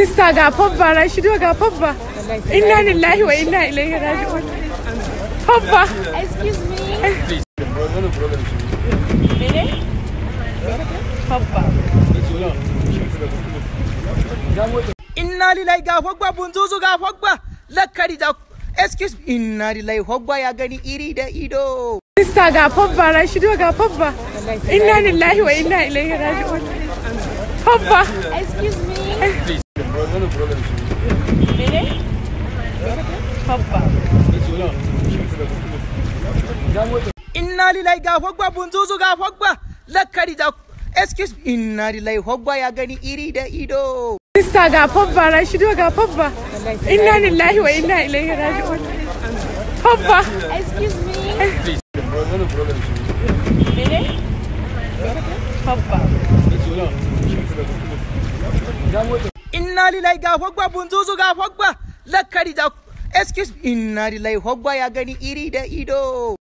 Mista ga fabba Rashido ga fabba. Inna lillahi wa inna ilaihi raji'un. Fabba. Excuse me. Fabba. Inna lillahi ga fabba bunzuzu ga fabba. Lakari da excuse me inna lillahi fabba ya gani iri da ido. Mista ga fabba Rashido ga fabba. Inna lillahi wa inna ilaihi raji'un. Fabba. Excuse me. Pogba. Inna lillahi ga bunzuzu ga Pogba lakari da excuse inna lillahi Pogba ya gani iri da ido. Sista ga Pogba Rashido ga Pogba. Inna lillahi wa inna ilaihi raji'un. Excuse me. Mene? Inna lillahi ga bunzuzu ga lakari da excuse inna lillahi wa ya gani iri da ido